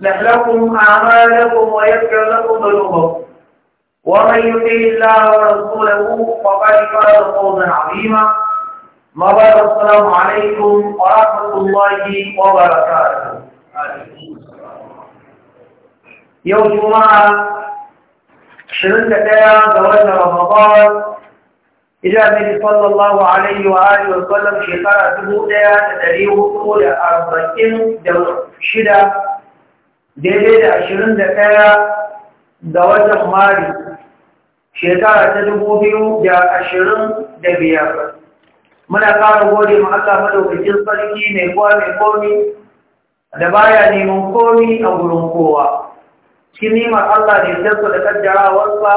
يصلح لكم أعمالكم ويذكر لكم ذنوبكم ومن يطع الله ورسوله فقد فاز فوزا عظيما ما بعد السلام عليكم ورحمة الله وبركاته يوم جمعة شرنت تيا زواج رمضان إلى النبي صلى الله عليه وآله وسلم شكرا تبودا تدريب كل أربعين شدة daidai da ashirin da ɗaya da watan mari shekara ta dubu biyu da ashirin da biyar muna ƙara gode ma Allah madaukakin sarki mai kowa mai komi da baya neman komi a wurin kowa cikin neman Allah ne sarsa da kaddarawarsa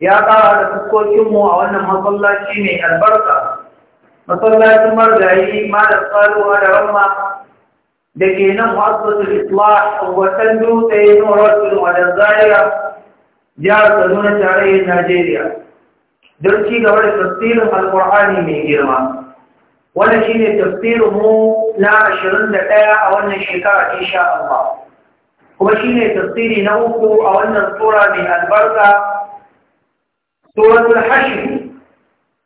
ya ƙara da fuskokinmu a wannan masallaci mai albarka masallacin margayi malam saluwa da rama da ke nan wasu a watan dutse norwatul wadan zaria jihar kaduna tarayyar najeriya don ci gaba da tafsirin alkur'ani mai girma wannan shi ne tafsirin mu na 21 a wannan shekara sha amma. kuma shi ne tafsiri na uku a wannan tura mai albarka suratul hashim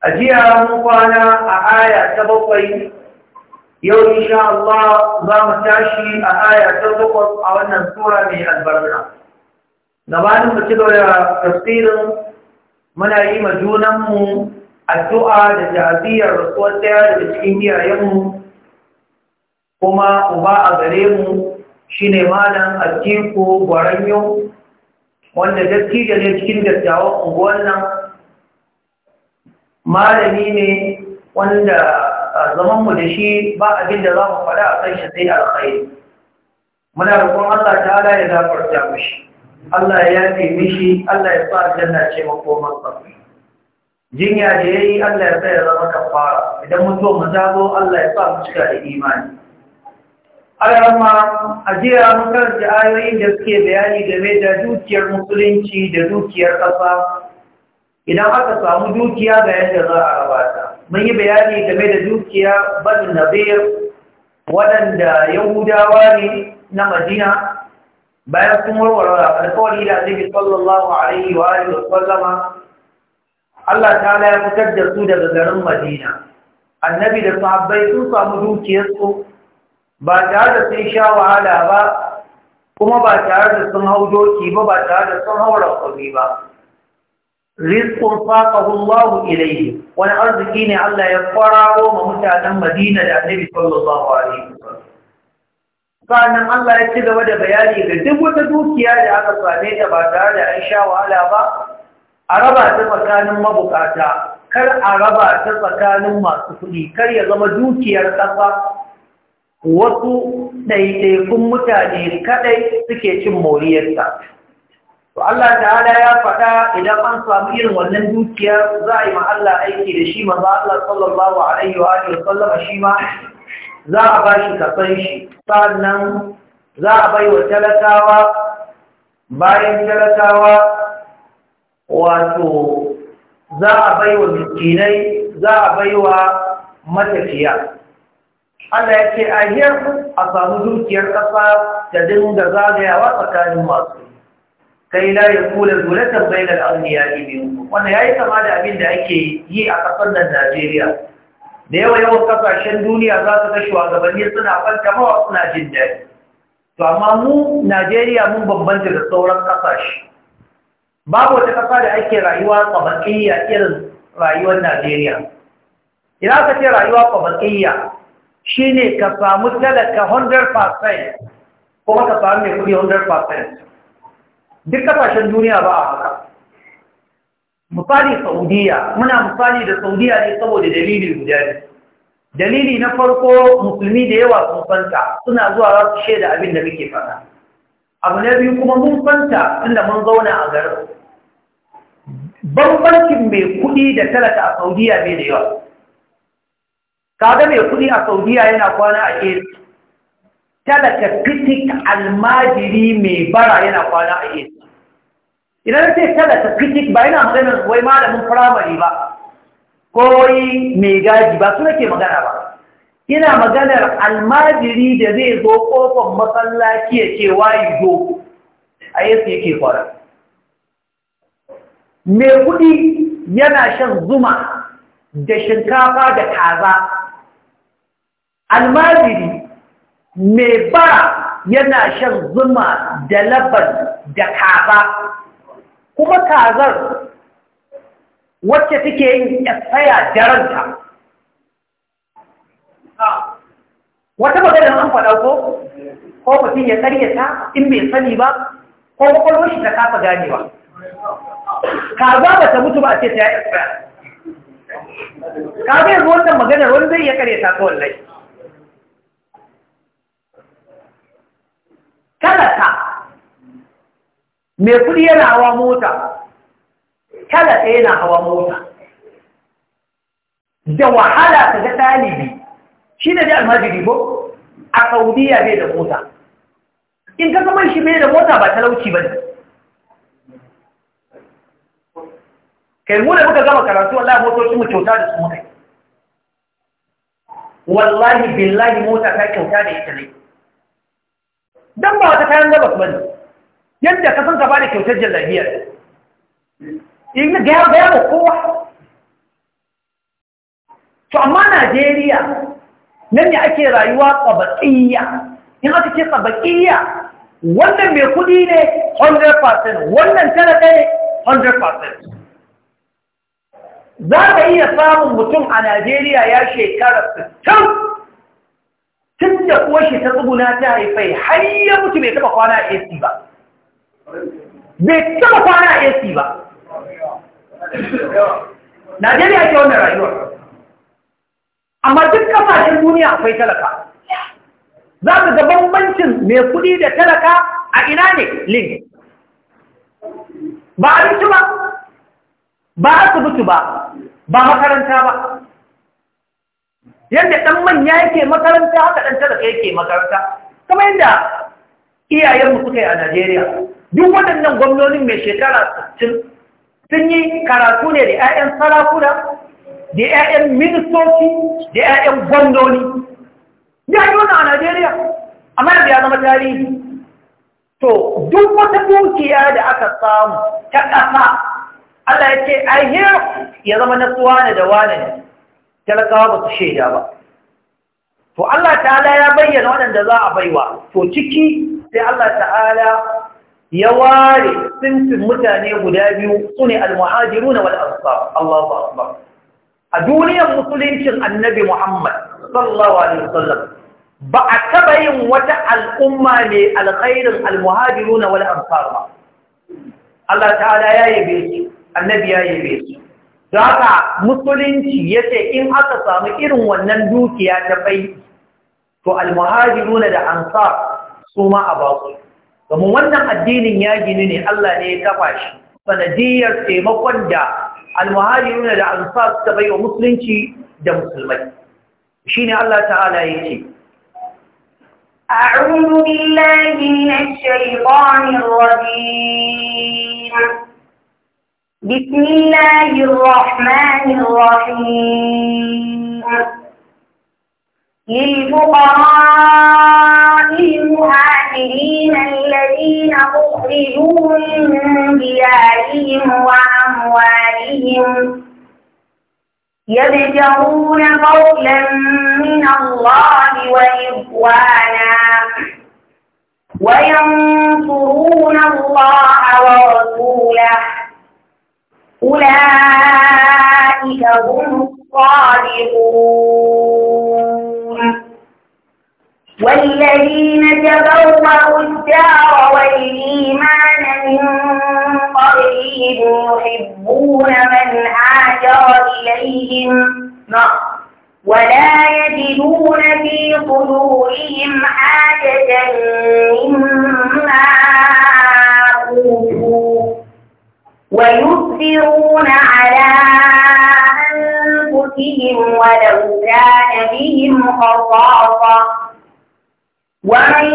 a jiya mun kwana a aya ta bakwai yau insha Allah za mu tashi a aya ta takwas a wannan tura mai albarka gabanin mu ci gaba da tafsirin muna yi ma junanmu addu'a da ta'aziyar rasuwar ɗaya daga cikin iyayenmu kuma uba a gare mu shine malam Atiku Gwaranyo wanda dattijo ne cikin dattawan unguwar nan malami ne wanda zaman mu da shi ba abin da za mu faɗa a kan shi sai alkhairi muna roƙon Allah ta'ala ya gafarta mishi Allah ya yafe mishi Allah ya sa aljanna ce makomar sa jinya da yayi Allah ya sa ya zama kafara idan mun zo mu zago Allah ya sa mu cika da imani alarma a jiya mun karanta ayoyin da suke bayani game da dukiyar musulunci da dukiyar ƙasa idan aka samu dukiya ga yadda za a rabata. mun yi bayani game da dukiya banu nabir waɗanda yahudawa ne na madina bayan sun warware alkawari da annabi sallallahu alaihi wa alihi wasallama Allah ta'ala ya fitar da su daga garin Madina annabi da sahabbai sun samu dukiyarsu ba tare da sun sha wahala ba kuma ba tare da sun hau doki ba ba tare da sun haura kwami ba rizkun faƙahun lahu ilaihi, wani arziki ne Allah ya fararo ma mutanen Madina da Annabi sallallahu alaihi wasallam Allah ya ci gaba da bayani ga duk wata dukiya da aka same ta ba tare da an sha wahala ba a raba ta tsakanin mabukata kar a raba ta tsakanin masu kuɗi kar ya zama dukiyar ƙasa wasu ɗaiɗaikun mutane kaɗai suke cin moriyarsa to Allah ta'ala ya faɗa idan an samu irin wannan dukiyar za a yi ma aiki da shi maza Allah sallallahu alaihi wa sallama shi ma za a ba shi kasan shi sannan za a bai wa talakawa bayan talakawa wato za a bai wa miskinai za a bai wa matafiya Allah ya ce a hiyar a samu dukiyar ƙasa ta dinga zagayawa tsakanin masu kai la ya kula zulatan bainal aghniya minkum wannan yayi kama da abin da ake yi a kasar nan Najeriya da yawa yawan kasashen duniya za su ga shugabanni suna fanta mawa suna jin daɗi to amma mu Najeriya mun bambanta da sauran kasashe babu wata kasa da ake rayuwa tsabakiyya irin rayuwar Najeriya ina ka ce rayuwa tsabakiyya shine ka samu talaka 100% kuma ka samu mai kuɗi 100% duk kasashen duniya ba a haka misali saudiya muna misali da saudiya ne saboda dalili guda ne dalili na farko musulmi da yawa sun fanta suna zuwa za su shaida abin da muke fata. abu na biyu kuma mun fanta inda mun zauna a garin bambancin mai kuɗi da talata a saudiya mai da yawa kaga mai kuɗi a saudiya yana kwana a ƙesa talaka fitik almajiri mai bara yana kwana a yi idan sai talaka fitik ba yana maganar wai malamin firamare ba ko wai mai gaji ba su nake magana ba ina maganar almajiri da zai zo kofar masallaci ya ce wayi zo a yesu yake kwara mai kuɗi yana shan zuma da shinkafa da kaza almajiri mai ba yana shan zuma da labar da kaza kuma kazar wacce take yin tsaya daranta wata maganar an faɗa ko ko mutum ya karyata in bai sani ba ko kwakwalwar shi ta kafa ganewa kaza ba ta mutu ba a ce ta yi tsaya kaza yanzu wannan maganar wani zai ya karyata ta wallahi talaka mai kudi yana hawa mota talaka yana hawa mota da wahala ta ga ɗalibi shi ne da almajiri ko a saudiya mai da mota in ka kamar shi mai da mota ba talauci ba ne mu da muka gama karatu wallahi motoci mu kyauta da su muka wallahi billahi mota ta kyauta da ita ne dan ba wata kayan gabas bane yadda ka san ka bada kyautar jallabiya in ga gaya ga kowa to amma Najeriya nan ne ake rayuwa qabaqiyya in aka ce qabaqiyya wannan mai kudi ne 100% wannan talaka ne 100% za ka iya samun mutum a Najeriya ya shekara 60 tun da shi ta tsuguna ta haifai har ya mutu bai taba kwana a AC ba bai taba kwana a AC ba Najeriya ke wannan rayuwar amma duk kasashen duniya akwai talaka za ka ga bambancin mai kuɗi da talaka a ina ne link ba abinci ba ba asibiti ba ba makaranta ba yadda ɗan manya yake makaranta haka ɗan talaka yake makaranta kamar yadda iyayenmu kuka yi a Najeriya duk waɗannan gwamnonin mai shekara 60 sun yi karatu ne da 'ya'yan sarakuna da 'ya'yan ministoci da 'ya'yan gwamnoni ya yi wani a Najeriya amma da ya zama tarihi to duk wata dukiya da aka samu ta ƙasa Allah ya ce a ya zama na tsuwa da wane ne talakawa ba su shaida ba to Allah ta'ala ya bayyana waɗanda za a baiwa to ciki sai Allah ta'ala ya ware sinfin mutane guda biyu su ne almuhajiruna wal Allah Allahu akbar a duniyar musuluncin annabi Muhammad sallallahu alaihi wasallam ba a taba yin wata al'umma ne alkhairin almuhajiruna wal ansar ba Allah ta'ala ya yabe su annabi ya yabe su Don musulunci ya ce in aka samu irin wannan dukiya ta bai, to almuhajiruna da ansar su ma a basu. Domin wannan addinin ya gini ne Allah ne ya kafa shi, sanadiyar taimakon da almuhajiruna da ansar suka bai wa musulunci da musulmai. Shi ne Allah ta'ala ya ce, أعوذ بالله من الشيطان الرجيم بسم الله الرحمن الرحيم للفقراء المهاجرين الذين أخرجوا من ديارهم وأموالهم يبتغون قولا من الله ورضوانا وينصرون الله ورسوله أولئك هم الصادقون والذين تبوأوا الدار والإيمان من قبلهم يحبون من هاجر إليهم ولا يجدون في قلوبهم حاجة مما أوتوا ويؤثرون على أنفسهم ولو كان بهم خصاصة ومن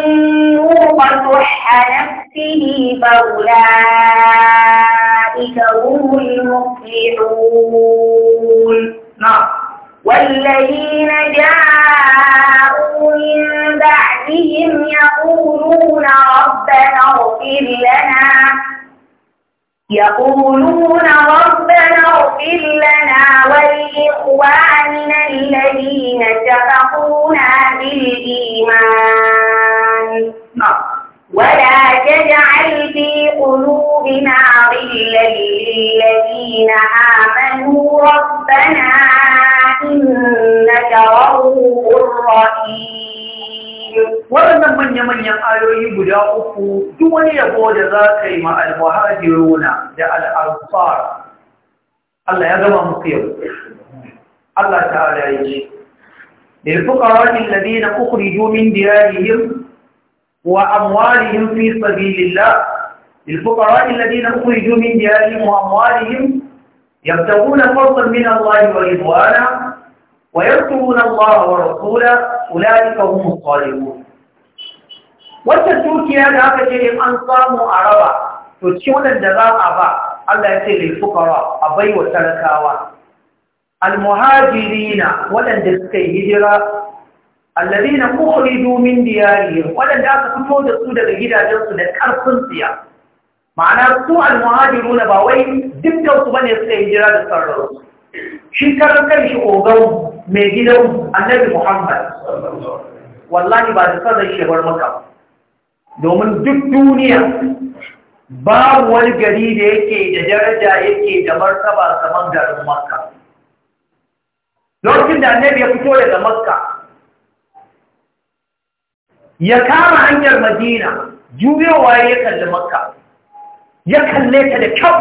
يوق شح نفسه فأولئك هم المفلحون نعم. والذين جاءوا من بعدهم يقولون ربنا اغفر لنا يقولون ربنا اغفر لنا ولإخواننا الذين سبقونا بالإيمان ولا تجعل في قلوبنا غلا للذين آمنوا ربنا إنك رؤوف رحيم waɗannan manya-manyan ayoyi guda uku duk wani yabo da za ka yi ma'almuhajiruna da al'arfar Allah ya gama muku yau Allah ta'ala ya ce للفقراء الذين أخرجوا من ديارهم وأموالهم في سبيل الله للفقراء الذين أخرجوا من ديارهم وأموالهم يبتغون فضلا من الله ورضوانا ويذكرون الله ورسوله أولئك هم الصالحون wata dukiya da aka ce in an samu a raba to ci waɗanda za a ba Allah ya ce da fukara a bai wa talakawa almuhajirina waɗanda suka yi hijira alladina ukhriju domin diyarihim waɗanda aka fito da su daga gidajensu da ƙarfin tsiya ma'ana su almuhajiruna ba wai dukkan su bane suka yi hijira da sarrarsu shi karan kan shi ogan mai gidan annabi muhammad wallahi ba da sanar shebar maka domin duk duniya babu wani gari da yake da daraja yake da martaba saman garin maka. lokacin da annabi ya fito daga maka ya kama hanyar madina juyowa ya kalli maka. ya kalle ta da kyau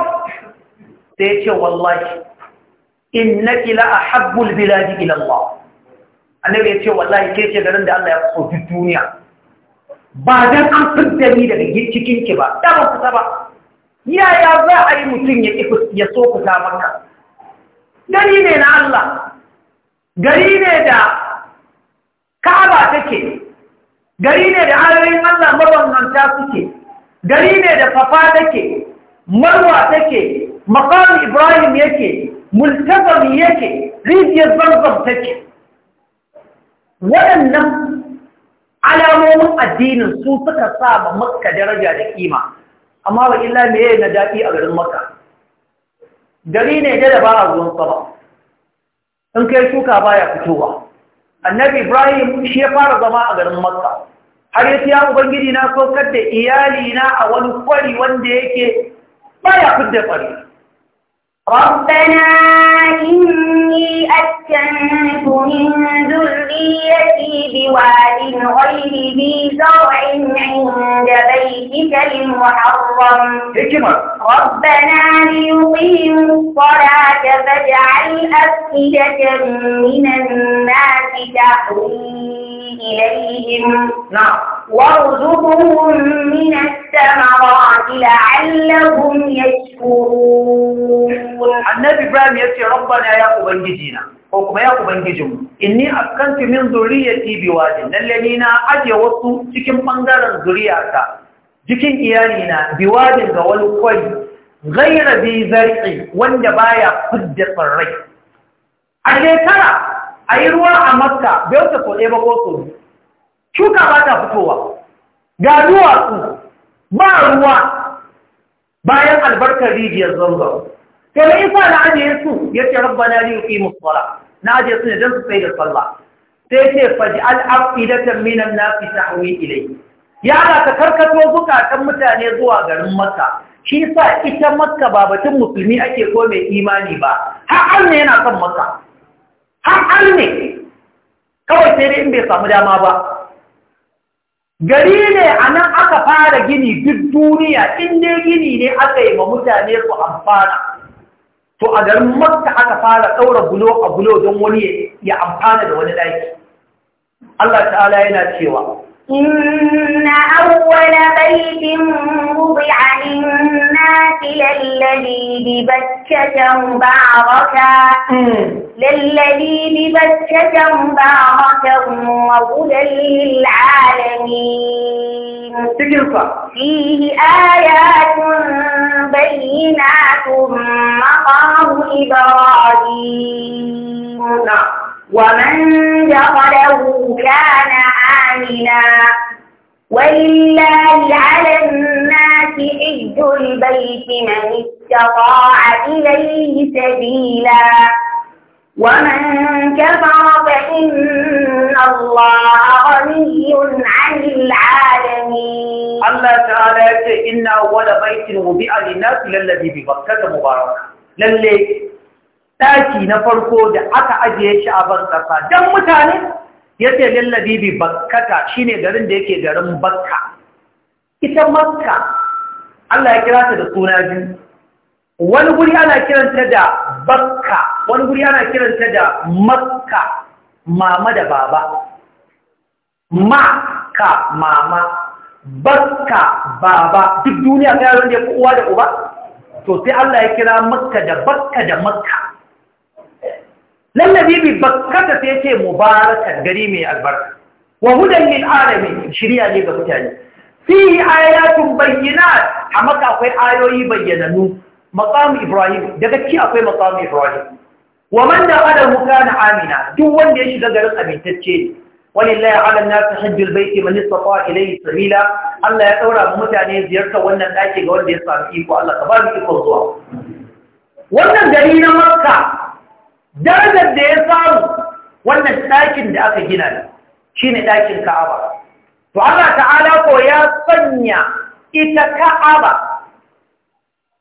sai ce wallahi innaki la ahabbul biladi ila Allah annabi yace wallahi ke ce garin da Allah ya so duk duniya ba dan an fidda ni daga cikin ki ba da ba ba yaya za a yi mutum ya ya so fita maka gari ne na Allah gari ne da Ka'aba take gari ne da ayoyin Allah mabambanta suke gari ne da fafa take marwa take maqam Ibrahim yake multazam yake rijiyar zarzam take waɗannan alamomin addinin su suka sa ba makka daraja da kima amma ba illa mai yayi na daɗi a garin makka gari ne da da ba a zuwan sama in kai shuka baya fitowa annabi ibrahim shi ya fara zama a garin makka har yace ya ubangiji na saukar da iyalina a wani kwari wanda yake baya fidda kwari ربنا إني أسكنت من ذريتي بواد غير ذي زرع عند بيتك المحرم ربنا ليقيموا الصلاة فاجعل أفئدة من الناس تهوي إليهم نعم. وارزقهم من الثمرات لعلهم يشكرون النبي إبراهيم يأتي ربنا يا أبنجينا وكما يا أبنجهم إني أسكنت من ذريتي بواد للذين أجي وصوا تكن بنجارا ذرياتا تكن إيانينا بواد غول كوي غير ذي ذرعي وان جبايا فد الطري ترى a yi ruwa a maska, bai wuce so ɗaya ba ko so shuka ba ta fitowa ga duwatsu ba ruwa bayan albarkar rijiyar zanzan to me isa na ajiye su ya ce rabba na yuqimu as-sala na ajiye su ne don su sai da sallah sai ya faji faj'al afidatan minan nasi tahwi ilai ya ga ta karkato bukatan mutane zuwa garin makka shi sa ita makka ba batun musulmi ake ko mai imani ba har Allah yana son makka har ne kawai sai dai in bai samu dama ba gari ne a nan aka fara gini duk duniya in ne gini ne aka yi ma mutane su amfana to a garin makka aka fara ɗaura bulo a bulo don wani ya amfana da wani ɗaki Allah ta'ala yana cewa إن أول بيت وضع للناس للذي ببكة باركا للذي ببكة مباركا وهدى للعالمين فيه آيات بينات مقام إبراهيم نعم. ومن دخله كان آمنا ولله على الناس حج البيت من استطاع إليه سبيلا ومن كفر فإن الله غني عن العالمين الله تعالى يقول إن أول بيت وضع للناس للذي ببكة مباركة للي ɗaki na farko da aka ajiye shi a ban ƙasa don mutane ya ce lallabi bi bakkata shi ne garin da yake garin bakka ita makka Allah ya kira ta da suna biyu wani guri ana kiranta da bakka wani guri ana kiranta da makka mama da baba makka mama bakka baba duk duniya ga yaron da ya uwa da uba to sai Allah ya kira makka da bakka da makka lallabi bi bakkata sai ce mubarakan gari mai albarka wa hudan lil alamin shiriya ne ga mutane fihi ayatun bayyinat a maka akwai ayoyi bayyananu maqam ibrahim daga ci akwai maqam ibrahim wa man da adamu kana amina duk wanda ya shiga garin abintacce ne ولله على الناس حج البيت من استطاع اليه سبيلا Allah ya daura mu mutane ziyartar wannan daki ga wanda ya samu iko Allah ka ba mu iko zuwa wannan gari na Makka darajar da ya samu wannan ɗakin da aka gina da shi ne ɗakin ka'aba to Allah ta'ala ko ya sanya ita ka'aba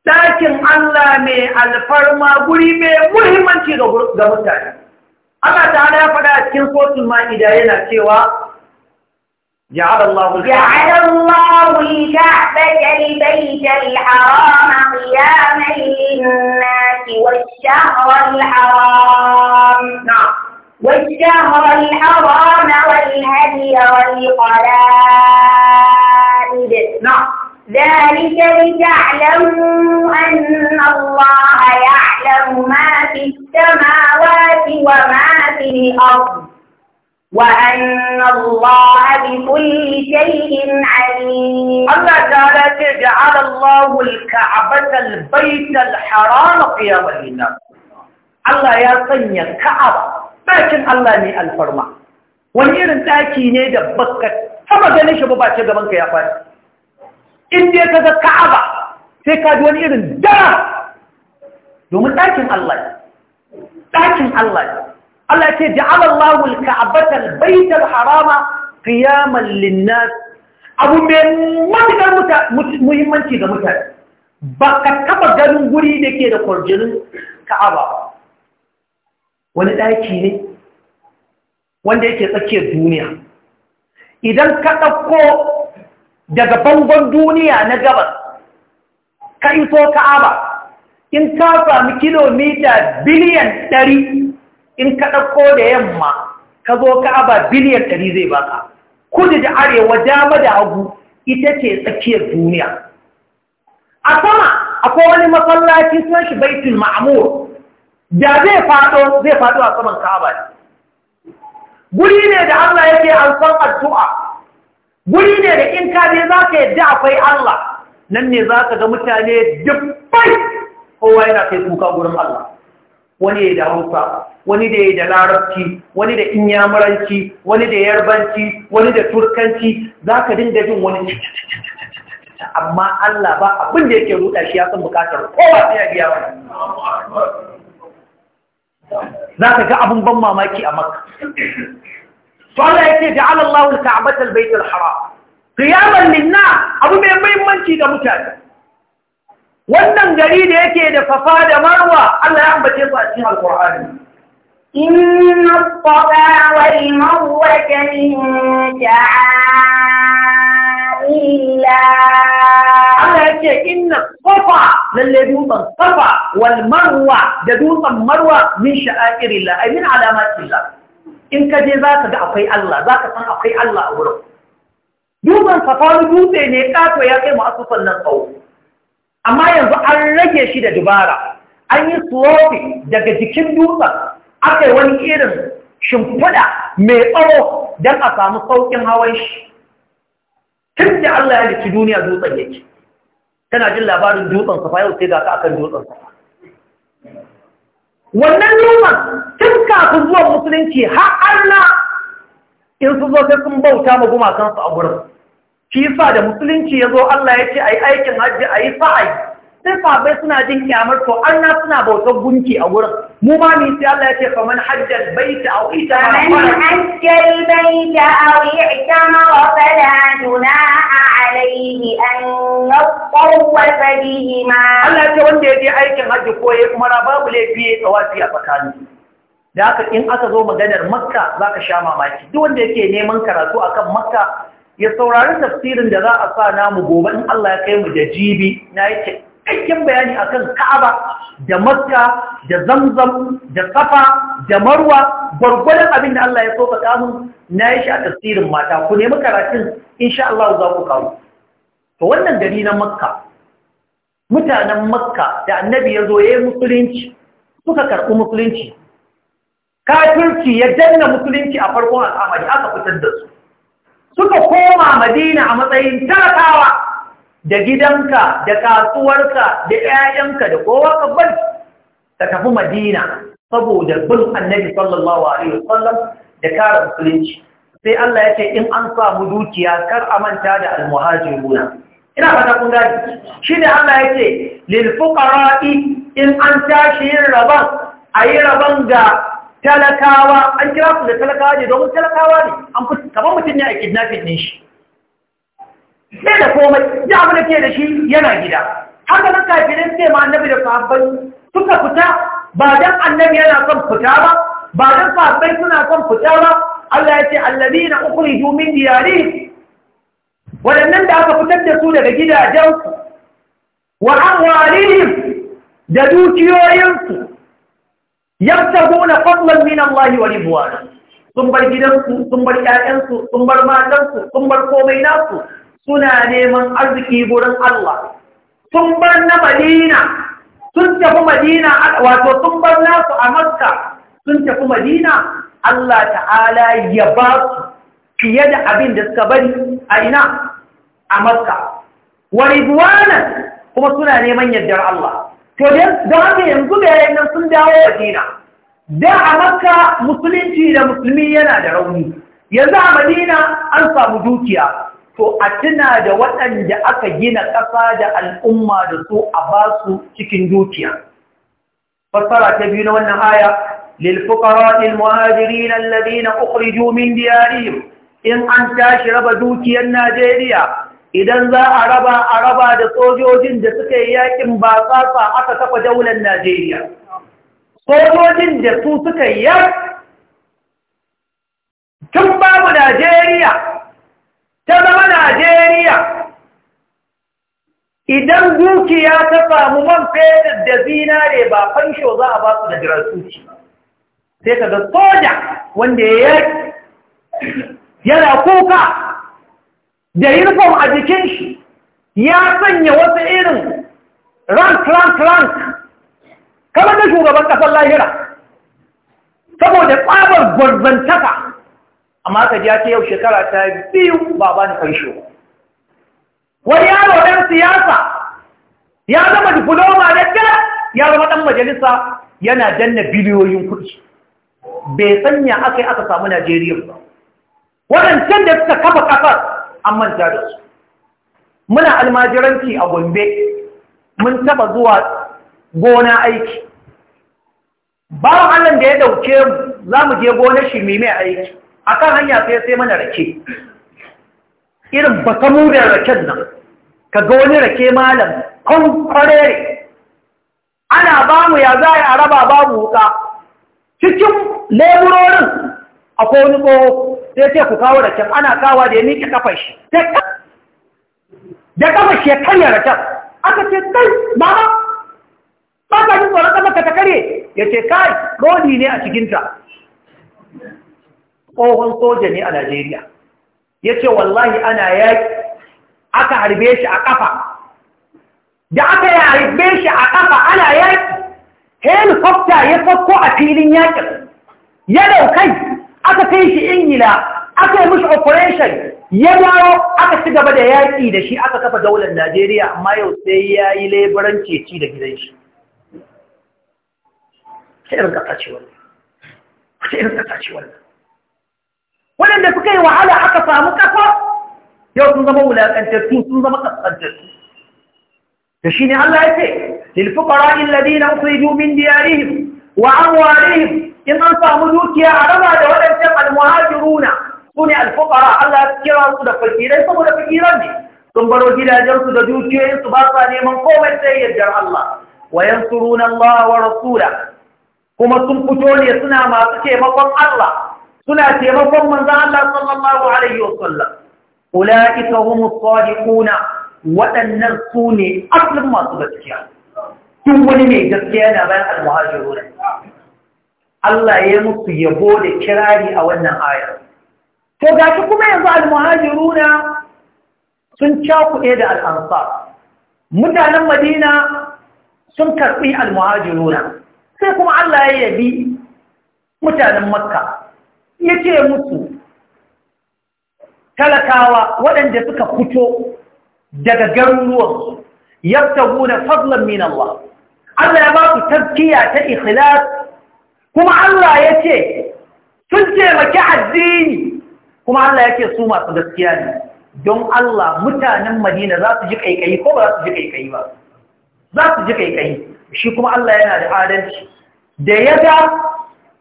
ɗakin Allah mai alfarma guri mai muhimmanci ga mutane Allah ta'ala ya faɗa a cikin sotul ma'ida yana cewa جعل الله جعل الله الكعبة البيت الحرام قياما للناس والشهر الحرام نعم والشهر الحرام والهدي والقلائد نعم ذلك لتعلموا أن الله يعلم ما في السماوات وما في الأرض Allah ta ala ce, Ja’ar Allah wulka a bazal baitar harama ƙiyar rina. Allah ya sanya ka’ar ɗakin Allah ne alfarma, wani irin ɗaki ne da baka sama gani shi ba ce gabanka ya faɗi. Inde ka ga ka’ar sai ka ji wani irin dara domin ɗakin Allah ɗakin Allah Allah ce ja'alallahu al-ka'bata al-bayta al-harama qiyaman lin-nas abu mai matukar muhimmanci ga mutane ba ka taba ganin guri da ke da kwarjinin ka'aba wani ɗaki ne wanda yake tsakiyar duniya idan ka ɗauko daga bangon duniya na gabas ka iso ka'aba in ka sami kilomita biliyan ɗari in ka ɗauko da yamma ka zo ka aba biliyan ɗari zai baka kudu da arewa dama da hagu ita ce tsakiyar duniya a sama akwai wani masallaci sun shi baitul ma'amur da zai faɗo zai faɗo a saman ka'aba ne guri ne da Allah yake an san addu'a guri ne da in ka ne za ka yadda akwai Allah nan ne za ka ga mutane dubbai kowa yana kai kuka gurin Allah wani ya da hausa wani da ya da larabci wani da inyamuranci wani da yarbanci wani da turkanci za ka dinga jin wani amma Allah ba abin da yake ruɗa shi ya san bukatar kowa ya za ka ga abin ban mamaki a maka to ya ce, ja'ala Allahu al-ka'bata al haram abu mai muhimmanci ga mutane wannan gari da yake da safa da marwa Allah ya ambace su a cikin alkur'ani inna safa wa marwa شعائر الله Allah yake inna safa lalle dutsen safa wal marwa da dutsen marwa min sha'airillah ay min alamatillah in ka je zaka ga akwai Allah zaka san akwai Allah a wurin dutsen safa dutse ne kato ya kai mu asufan nan tsawo amma yanzu an rage shi da dubara an yi surofi daga jikin dutsen aka yi wani irin shimfuda mai tsawo don a samu sauƙin hawan shi tun da Allah ya liki duniya dutsen yake tana jin labarin dutsen safa yau sai ga akan dutsen safa wannan dutsen tun kafin zuwan musulunci har Allah in su zo sai sun bauta ma gumakansu a gurin shi sa da musulunci ya zo Allah ya ce a yi aikin hajji a yi fa'ai sai sabai suna jin kyamar to an na suna bautar gunki a wurin mu ma mi sai Allah ya ce faman hajjal baita aw itama faman hajjal baita aw itama wa fala junaha alayhi an yatawaf bihi ma Allah ya ce wanda ya je aikin hajji ko ya kuma babu laifi ya a tsakanin da haka in aka zo maganar makka za ka sha mamaki duk wanda yake neman karatu akan makka ya saurari tafsirin da za a sa namu gobe in Allah ya kai mu da jibi na yake cikakken bayani akan Ka'aba da Makka da Zamzam da Safa da Marwa gwargwadon abin da Allah ya soka kamun na yi shi a tafsirin mata ku nemi karatun insha Allah za ku kawo to wannan gari na Makka mutanen Makka da Annabi ya zo yi musulunci suka karɓi musulunci kafirci ya danna musulunci a farkon al'amari aka fitar da su suka koma madina a matsayin talakawa da gidanka da kasuwarka da 'ya'yanka da kowa ka bar ka tafi madina saboda bin annabi sallallahu alaihi wasallam da kare musulunci sai Allah ya ce in an samu dukiya kar a manta da almuhajiruna ina fata kun gani shi ne Allah ya ce lil in an tashi yin rabon ayi rabon ga talakawa an kira su da talakawa ne domin talakawa ne an fi kamar mutum ne a kidnapping din shi sai da komai ya abu da ke da shi yana gida haka nan kafirin sai ma annabi da sahabbai suka fita ba dan annabi yana son fita ba ba dan sahabbai suna son fita ba Allah ya ce alladina ukhriju domin diyari, waɗannan da aka fitar da su daga gidajensu wa amwalihim da dukiyoyinsu yabtaguna fadlan min Allah wa ridwana sun bar gidansu sun bar ƴaƴansu sun bar matansu sun bar komai nasu suna neman arziki gurin Allah sun bar na Madina sun tafi Madina wato sun bar nasu a Makka sun tafi Madina Allah ta'ala ya ba su fiye da abin da suka bari a ina a Makka wa ridwana kuma suna neman yardar Allah to don haka yanzu da nan sun dawo madina da a makka musulunci da musulmi yana da rauni yanzu a madina an samu dukiya to a tuna da waɗanda aka gina ƙasa da al'umma da su a ba su cikin dukiya fassara ta biyu na wannan aya للفقراء المهاجرين الذين Jumin, من In an tashi raba dukiyar Najeriya. idan za a raba a raba da sojojin da suka yi yakin ba aka kafa daular Najeriya sojojin da su suka yi tun babu Najeriya ta zama Najeriya idan dukiya ta samu man fetur da zinare ba fansho za a ba su da suci, sai ka ga soja wanda ya yi yana kuka da uniform a jikin shi ya sanya wasu irin rank rank rank kamar da shugaban kasar lahira saboda tsabar gwarzantaka amma ka ji ya ce yau shekara ta biyu ba ba ni karshe wani yaro ɗan siyasa ya zama diploma da ya zama ɗan majalisa yana danna biliyoyin kuɗi bai sanya aka yi aka samu najeriya ba waɗancan da suka kafa ƙasar an manta da su muna almajiranci a gombe mun taba zuwa gona aiki bawan allah da ya dauke za mu je gona shi mai aiki akan hanya sai sai mana rake irin baka murar raken nan ka ga wani rake malam kan kwarere ana ba mu ya za a raba babu wuka cikin leburorin akwai wani tsoho sai ce ku kawo raken ana kawo da ya miƙe kafar shi da kafar shi ya karya raken aka ce kai mama ba ka ji tsoron kama ka ta karye ya ce kai rodi ne a cikinta tsohon soja ne a najeriya ya ce wallahi ana yaƙi aka harbe shi a kafa da aka yi harbe shi a kafa ana yaƙi helikopta ya sauko a filin yaƙin ya daukai aka kai shi ingila aka yi mishi operation ya dawo aka ci gaba da yaƙi da shi aka kafa daular najeriya amma yau sai ya yi labaran ceci da gidan shi ta irin ƙasa ce wannan ta irin ƙasa ce wannan waɗanda suka yi wahala aka samu ƙasa yau sun zama wulaƙantattu sun zama ƙasƙantattu da shi ne allah ya ce lilfuƙara illadina yi min diyarihim wa amwalihim in an samu dukiya a raba da waɗancan almuhajiruna su ne alfukara Allah ya kira su da fakirai saboda fakiran ne sun baro gidajensu da dukiyoyinsu ba sa neman komai sai yardar Allah wa yansuruna Allah wa rasula kuma sun fito ne suna masu taimakon Allah suna taimakon manzon Allah sallallahu alaihi wasallam ulaika humus sadiquna waɗannan su ne asalin masu gaskiya tun wani mai gaskiya yana bayan almuhajiruna Allah ya musu yabo da kirari a wannan ayar to gashi kuma yanzu al-muhajiruna sun cakuɗe da al mutanen Madina sun karɓi al-muhajiruna sai kuma Allah ya yabi mutanen Makka ce musu talakawa waɗanda suka fito daga garuruwansu yabtaguna fadlan min Allah Allah ya ba ku tazkiya ta ikhlas kuma Allah ya ce sun taimaki addini kuma Allah ya ce su masu gaskiya ne don Allah mutanen Madina za su ji kaikayi ko ba za su ji kaikayi ba za su ji kaikayi shi kuma Allah yana da adalci da ya ga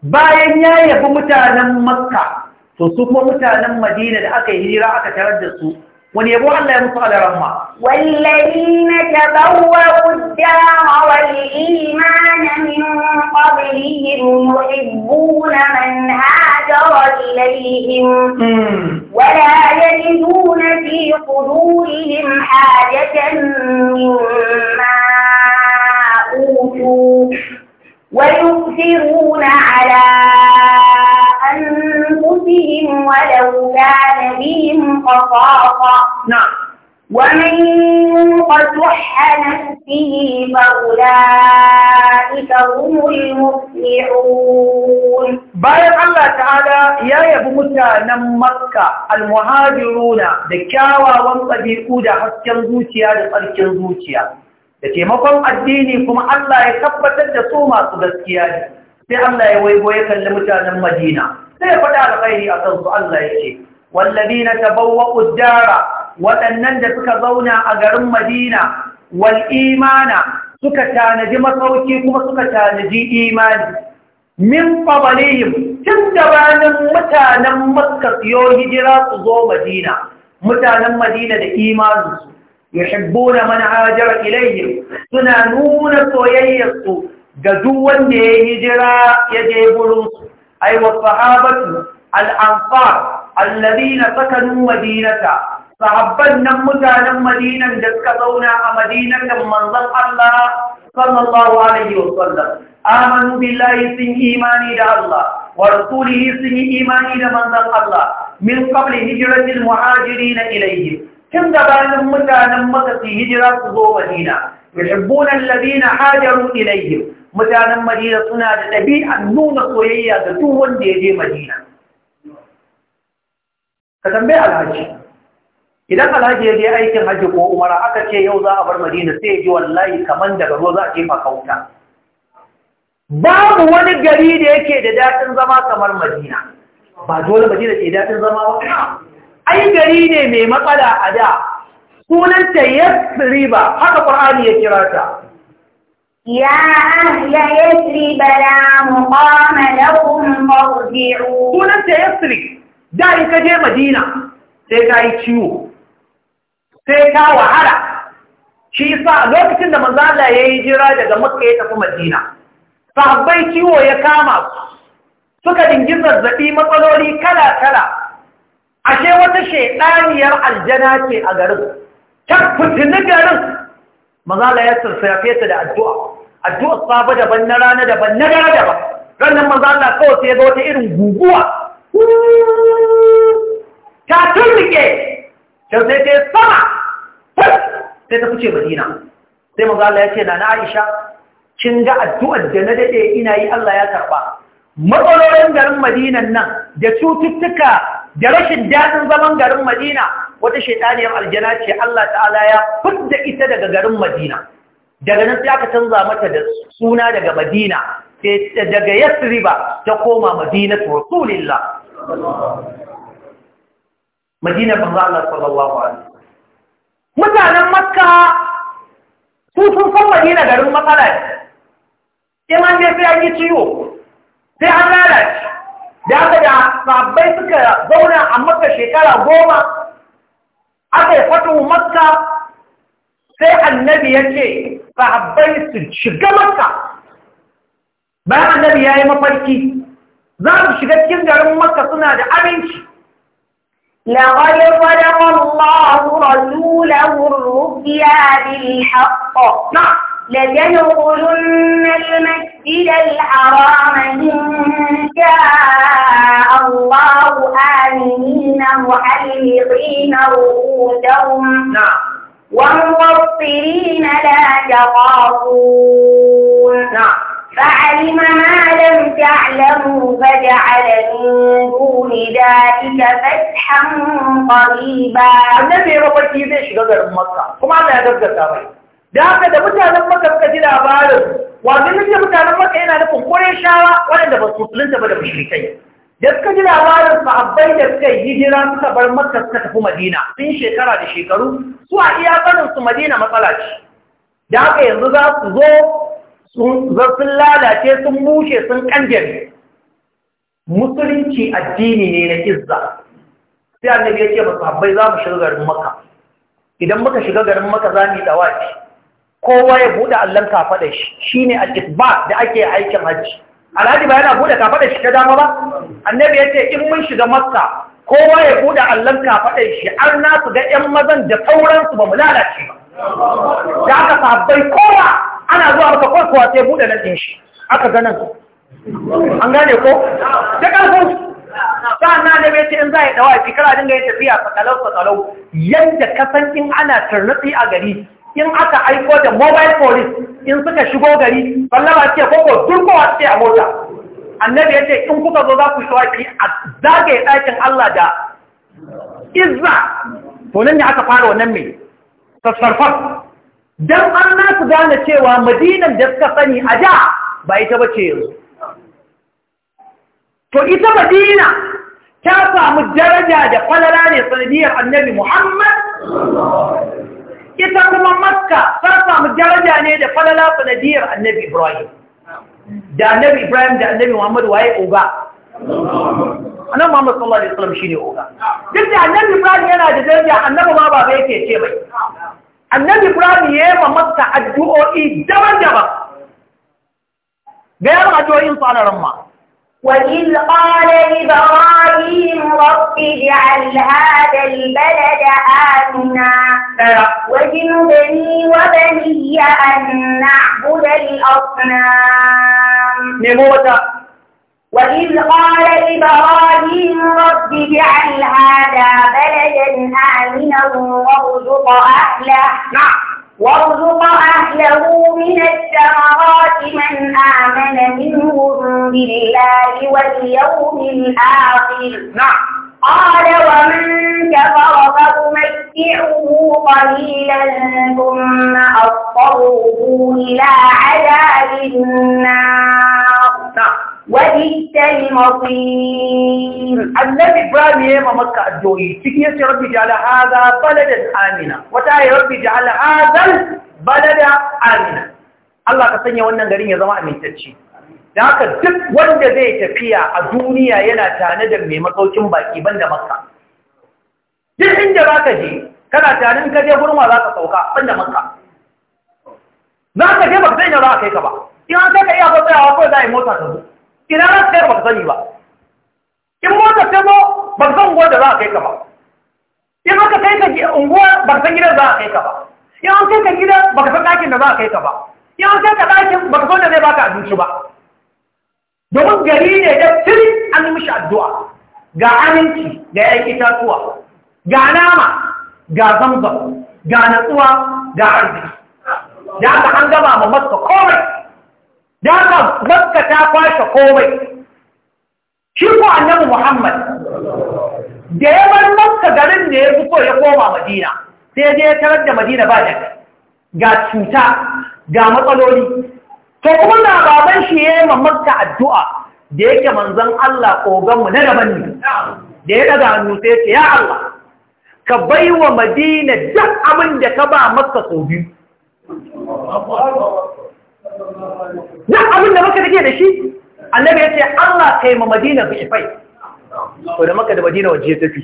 bayan ya yabi mutanen Makka to su kuma mutanen Madina da aka yi hira aka tarar da su ونيبو الله يمصال رحمة والذين تبوأوا الدار والإيمان من قبلهم يحبون من هاجر إليهم ولا يجدون في قلوبهم حاجة مما أوتوا ويؤثرون على بهم ولو كان بهم خصاصة نعم ومن يوق شح نفسه فأولئك هم المفلحون بايع الله تعالى يا يبمتا نمكة المهاجرون دكاوى وانطبيقوا دا حسكن زوتيا دا حسكن زوتيا da taimakon addini kuma Allah ya tabbatar da su masu gaskiya ne sai Allah ya waigo ya kalli mutanen Madina sai faɗa alkhairi a kansu Allah yake wallabi na tabawwa uddara waɗannan da suka zauna a garin madina wal imana suka tanaji masauki kuma suka tanaji imani min qablihim tun da ranar mutanen makka siyo hijira su zo madina mutanen madina da imaninsu yuhibbuna man manhajar ilayhim suna nuna soyayyarsu ga duk wanda ya hijira ya je gurinsu أي والصحابة الأنصار الذين سكنوا مدينة صحبنا متانا مدينة جسكتونا مدينة منظر الله صلى الله عليه وسلم آمنوا بالله سن إيماني دا الله ورسوله سن إيماني دا منظر الله من قبل هجرة المهاجرين إليه كم دبانا متانا مكسي هجرة سبو مدينة يحبون الذين هاجروا إليهم mutanen madina suna da ɗabi'an nuna soyayya ga duk wanda ya je madina ka tambayi alhaji idan alhaji ya je aikin hajji ko umara aka ce yau za a bar madina sai ya ji wallahi kaman daga ruwa za a jefa kauta babu wani gari da yake da daɗin zama kamar madina ba dole madina ke daɗin zama ba ai gari ne mai matsala a da sunanta yasriba haka ƙwar'ani ya kira ta يا أهل يثرب لا مقام لكم فارجعوا sunanta yasri da in ka je madina sai ka yi ciwo sai ka wahala shi sa lokacin da manzala ya yi jira daga makka ya tafi madina sahabbai ciwo ya kama suka dingin zazzabi matsaloli kala-kala ashe wata shaiɗaniyar aljana ce a garin ta fitini garin manzala ya sarsafe ta da addu'a addu'a safa daban na rana daban na gara daban ranar manzala kawai sai ga wata irin guguwa ta turrike can sai ta sama sai ta fice madina sai manzala ya ce na na aisha kin ga addu'ar da na dade ina yi Allah ya karɓa? matsalolin garin madinan nan da cututtuka da rashin daɗin zaman garin madina wata shaidaniyar aljana ce Allah ta'ala ya fudda ita daga garin Madina daga nan sai aka canza mata da suna daga Madina daga Yasriba ta koma Madina Rasulillah Madina banza Allah sallallahu alaihi mutanen Makka su sun san Madina garin matsala ne sai man je sai an yi ciwo sai an lalace da aka da sabbai suka zauna a Makka shekara goma aka yi fatuhu makka sai annabi ya ce sahabbai su shiga makka bayan annabi ya yi mafarki za su shiga cikin garin makka suna da aminci لقد صدق الله رسوله الرؤيا بالحق نعم لتدخلن المسجد الحرام إن شاء الله آمنين محلقين رؤوسهم نعم لا تخافون نعم فعلم ما لم تعلموا فجعل من دون ذلك فتحا قريبا النبي يا رب قدر مكه وما لا قدر da haka da mutanen maka suka ji labarin wato nufin mutanen maka yana nufin kore shawa waɗanda ba su sulunta ba da mashirikai da suka ji labarin sahabbai da suka yi hijira suka bar maka suka tafi madina sun shekara da shekaru su a iya sanin su madina matsala ce da haka yanzu za su zo sun lalace sun bushe sun kanjame musulunci addini ne na izza sai annabi ya ce ba sahabbai za mu shiga garin maka. idan muka shiga garin maka za mu yi dawaci kowa ya buɗe allon kafaɗa shi shi ne a al'isba da ake aikin hajji alhaji ba yana buɗe kafaɗa shi ta dama ba annabi ya ce in mun shiga makka kowa ya buɗe allon kafaɗa shi an nasu ga 'yan mazan da sauransu ba mu lalace ba da aka sabbai kowa ana zuwa maka kwarkowa sai buɗe na ɗin shi aka ganin an gane ko da ƙarfin sa'an na da ce in za a yi dawa fi kara dinga yin tafiya sakalau sakalau yadda kasan in ana tarnatsi a gari in aka aiko da mobile police in suka shigo gari sallama ce koko durkowa ce a mota annabi ya ce in kuka zo za ku shawaki a zagaye ɗakin Allah da izza to nan ne aka fara wannan me? sassarfar don an na su gane cewa madinan da suka sani a da ba ita ba ce yanzu to ita madina ta samu daraja da falala ne sanadiyar annabi muhammad ita kuma Maska, ta samu daraja ne da falala sanadiyar annabi ibrahim da annabi ibrahim da annabi muhammadu waye oga annabi muhammadu sallallahu alaihi wasallam shine oga duk da annabi ibrahim yana da daraja annabi ma ba yake ce mai annabi ibrahim ya yi ma makka addu'o'i daban-daban ga yaran addu'o'in sa ana ramma وإذ قال إبراهيم رب اجعل هذا البلد آمنا واجنبني وبني أن نعبد الأصنام وإذ قال إبراهيم رب اجعل هذا بلدا آمنا وارزق أهله نعم وارزق أهله من الثمرات من آمن منهم بالله واليوم الآخر نعم قال ومن كفر فأمتعه قليلا ثم أضطره إلى عذاب النار نعم. وبئس المصير النبي إبراهيم يما مكة الدوي تكيس ربي اجعل هذا بلدا آمنا وتعالى يا ربي اجعل هذا البلد آمنا الله كسنيا وانا غريم يا زمان من تتشي da haka duk wanda zai tafiya a duniya yana tare da mai matsaukin baki banda makka duk inda za ka je kana tare in ka je gurma za ka sauka banda makka za ka je baka zaina za a kai ka ba in an kai ka iya fatsayawa kawai za a yi mota ta zo ina za ka kai baka sani ba in mota ta zo ba san unguwar da za a kai ka ba in aka kai ka unguwar baka san gidan za a kai ka ba in an kai ka gidan baka san ɗakin da za a kai ka ba in an kai ka ɗakin ka san da zai baka abinci ba domin gari ne da firin an mishi addu'a ga aminci da ‘yan itatuwa ga nama ga zamzam ga natsuwa ga arziki da aka an gaba ma maska komai da aka maska ta kwashe komai shi ko annabi muhammad da ya bar maska garin da ya fito ya koma madina sai ya tarar da madina ba da ga cuta ga matsaloli to kuma na baban shi ya yi maka addu'a da yake manzan Allah ƙoganmu na daban ne da ya daga hannu sai ce ya Allah ka bai wa madina duk abin da ka ba maka tsobi duk abin da maka take da shi annabi ya ce Allah ka yi ma madina bi ifai to da maka da madina waje ya tafi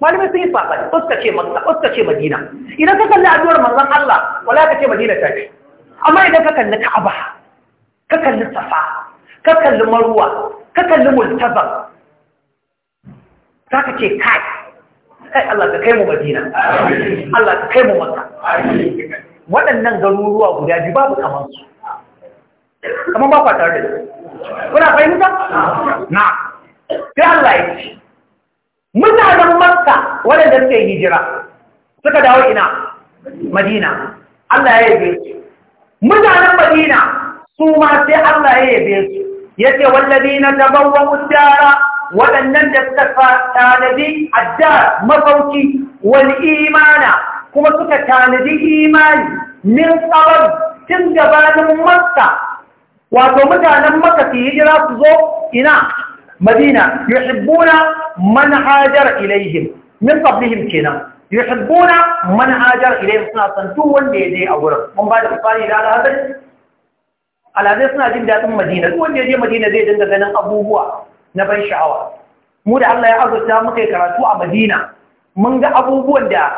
malamai sun yi faɗa fuska ce madina idan ka kalli addu'ar manzan Allah wala ka ce madina ta ce amma idan ka kalli ka'aba ka kalli safa ka kalli marwa ka kalli multazam za ka ce kai kai Allah ka kai mu madina Allah ka kai mu makka waɗannan garuruwa guda biyu babu kamar su kamar ba kwa tare da kuna fahimta na sai Allah ya ce mutanen makka waɗanda suka yi hijira suka dawo ina madina Allah ya yi mutanen madina su ma sai Allah ya yabe su yace wallazina tabawwa'u ad-dara waɗannan da suka tanadi addar mafauki wal imana kuma suka tanadi imani min tsawon tun gabanin makka wato mutanen makka su jira su zo ina madina yuhibbuna man hajar ilaihim min qablihim kenan يحبون من هاجر إليه صلى الله عليه وسلم دون يدي أورق من بعد إقاني إلى هذا على هذا سنة جمدة مدينة دون يدي مدينة دي دنجا دي دنجا أبو هو نبي شعوة مودة الله يعرض سامك كراتوا مدينة من جا أبو هو دا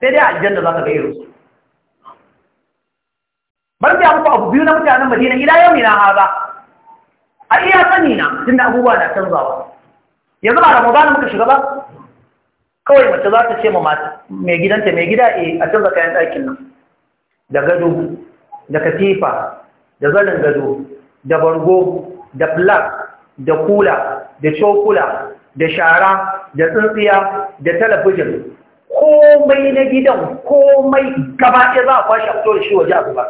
تدع الجنة الله بيروس بردي أبو أبو بيونا مودة أنا مدينة إلى يوم إلى هذا أي أسنينا جنة أبو هو دا تنظر يظهر رمضان مكشغبا kawai mace za ta ce ma mai gidanta mai gida e a canza kayan ɗakin nan da gado da katifa da zanen gado da bargo da flak da kula da cokula da shara da tsintsiya da talabijin komai na gidan komai gaba ɗaya za a kwashe a fito shi waje a gaba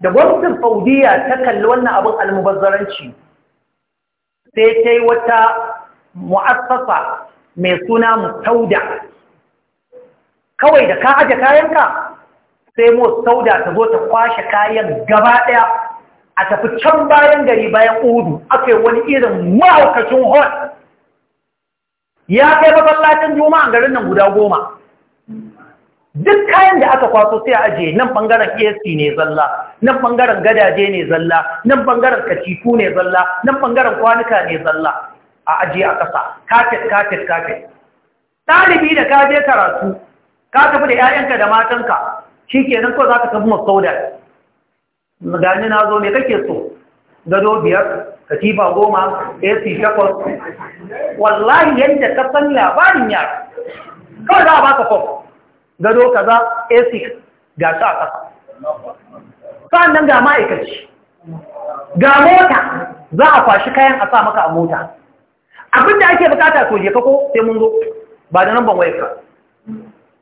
da gwamnatin faudiya ta kalli wannan abin almubazzaranci sai ta yi wata mu'assasa mai suna mustauda kawai da ka aje kayanka sai mustauda ta zo ta kwashe kayan gaba ɗaya a tafi can bayan gari bayan udu aka wani irin mahaukacin hot ya kai masallacin juma'an garin nan guda goma duk kayan da aka kwaso sai a aje nan bangaren AC ne zalla nan bangaren gadaje ne zalla nan bangaren katifu ne zalla nan bangaren kwanuka ne zalla a ajiye a ƙasa kafet kafet kafet ɗalibi da ka je karatu ka tafi da 'ya'yanka da matanka shi ke nan kawai za ka tafi masauda gani na zo ne kake so gado biyar katifa goma ac takwas wallahi yadda ka san labarin yara kawai za a baka fom gado kaza ac ga sha kasa sa'an nan ga ma'aikaci ga mota za a kwashi kayan a sa maka a mota abin da ake bukata to je kako sai mun zo ba da nan ban waye ka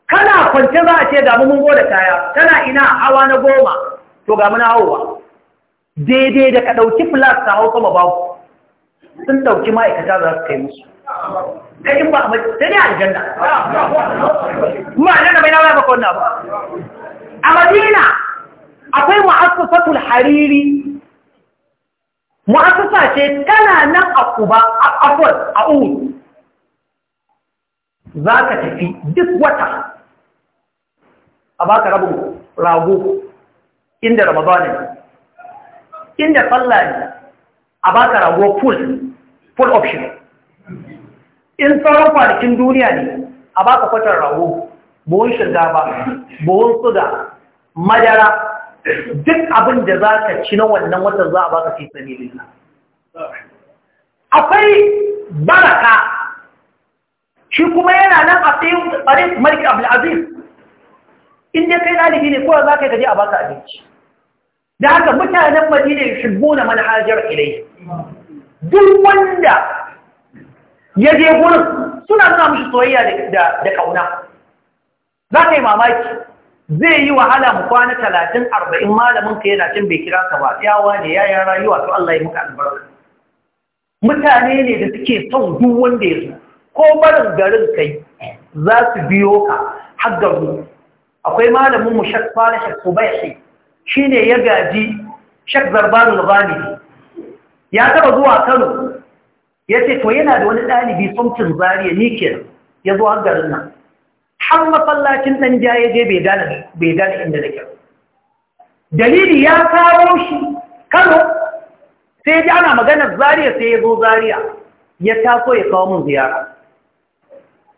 kana kwance za a ce ga mun go da kaya kana ina hawa na goma to ga mun hawa daidai da ka ɗauki flas ka hau kuma babu sun ɗauki ma'aikata za su kai musu kai in ba a mace sai dai aljanna ba da bai nawa ya baka wannan ba a madina akwai mu'assasatul hariri mu'assasa ce kana nan a kuba a afon a uhu za ka tafi duk wata a baka rabu rago inda ramadana inda sallah ne a baka rago full full option in tsaron kwanakin duniya ne a baka kwatar rago buhun shirga ba buhun suga madara duk abin da za ka ci na wannan watan za a ba ka fi sani lilla akwai baraka shi kuma yana nan a tsayin ɓarin marki abdulaziz inda kai ɗalibi ne kowa za ka yi gaji a baka abinci da haka mutanen madina shigo na manhajar ilai duk wanda ya je gurin suna suna mashi soyayya da kauna za ka yi mamaki zai yi wahala mu kwana talatin arba'in malamin ka yana cin bai kira ka ba ya wane ya yi rayuwa to Allah ya muka albarka mutane ne da suke son duk wanda ya zo ko barin garin kai za su biyo ka har mu. akwai malamin mu shak fara shak shi shine ya gaji shak zarbanul ghamidi ya taba zuwa Kano yace to yana da wani ɗalibi something zariya ni kenan ya zo har garin nan har masallacin ɗan jaye je bai dana inda da kyau dalili ya kawo shi kano sai ji ana maganar zariya sai ya zo zariya ya taso ya kawo mun ziyara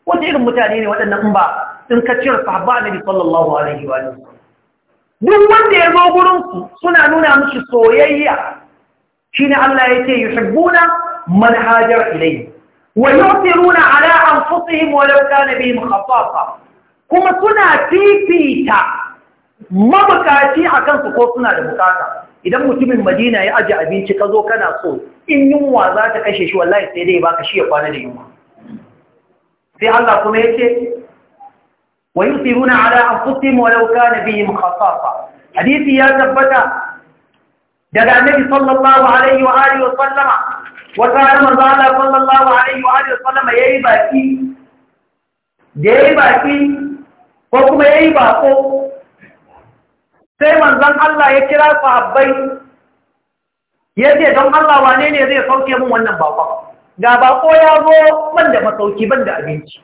wata irin mutane ne waɗannan ba sun kaciyar sahabba na bi sallallahu alaihi wa duk wanda ya zo gurinsu suna nuna mushi soyayya shi ne Allah ya ce yi shigbuna manhajar ilai wa yi ala anfusihim walau kana bihim khassasa kuma suna fifita mabukaci akan su ko suna da bukata idan mutumin Madina ya aje abinci ka zo kana so in yunwa za ta kashe shi wallahi sai dai baka shi ya kwana da yunwa sai Allah kuma yace wa yusiruna ala anfusihim walau kana bihim khassasa hadisi ya tabbata daga annabi sallallahu alaihi wa alihi wa sallama wata har manzo Allah a yi wa salama ya yi baki da yi baki ko kuma ya yi bako sai manzan Allah ya kira su Habbai, ya ce don Allah wane ne zai sauke min wannan bako ga bako ya zo ban da masauki ban da abinci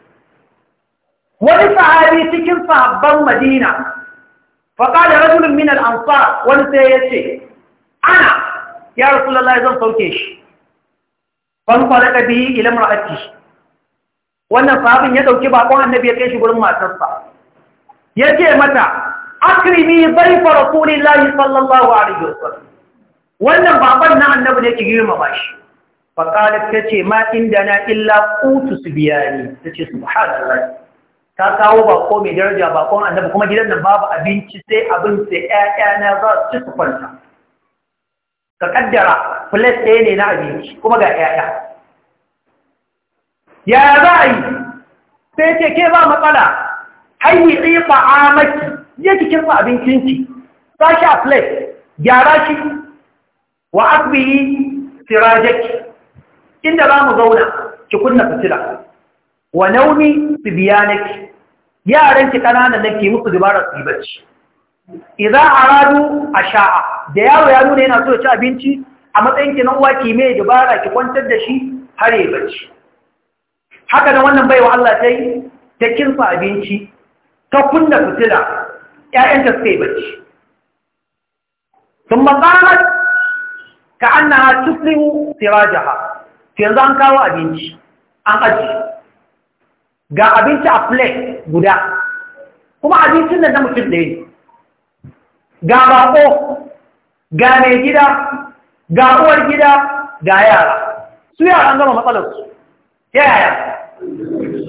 wani sahabi cikin sahabban Madina da rasulun minar amsa wani sai ya ce ana ya rasu lallai zan sauke shi fanfalaka bihi ila mar'ati wannan sahabin ya dauki bakon annabi ya kai shi gurin matarsa yace mata akrimi dhaifa rasulillahi sallallahu alaihi wasallam wannan baban na annabi ne ki girmama shi fa qalat tace ma inda na illa qutu su tace subhanallah ta kawo bako mai daraja bakon annabi kuma gidan nan babu abinci sai abin sai na za su ci su kwanta ka kaddara plus ɗaya ne na abinci kuma ga ƴaƴa yaya za a yi sai ce ke ba matsala ba a maki, ya ki abincin abincinki sashi a plate gyara shi wa yi sirajeki inda za mu zauna ki kunna fitila wa nauni naki. yaran ki ƙananan nake musu dubarar su iza a radu a sha'a da yaro ya nuna yana so ya ci abinci a matsayin ki nan uwa ki da bara ki kwantar da shi har ya bacci haka da wannan baiwa Allah yi, ta kinsa abinci ta kunna fitila yayanta suka yi bacci thumma qalat ka annaha tuslihu sirajaha yanzu an kawo abinci an aji ga abinci a plate guda kuma abincin nan na mutum ɗaya yi. ga baƙo, ga mai gida ga uwar gida ga yara su yara an gama matsalarsu yaya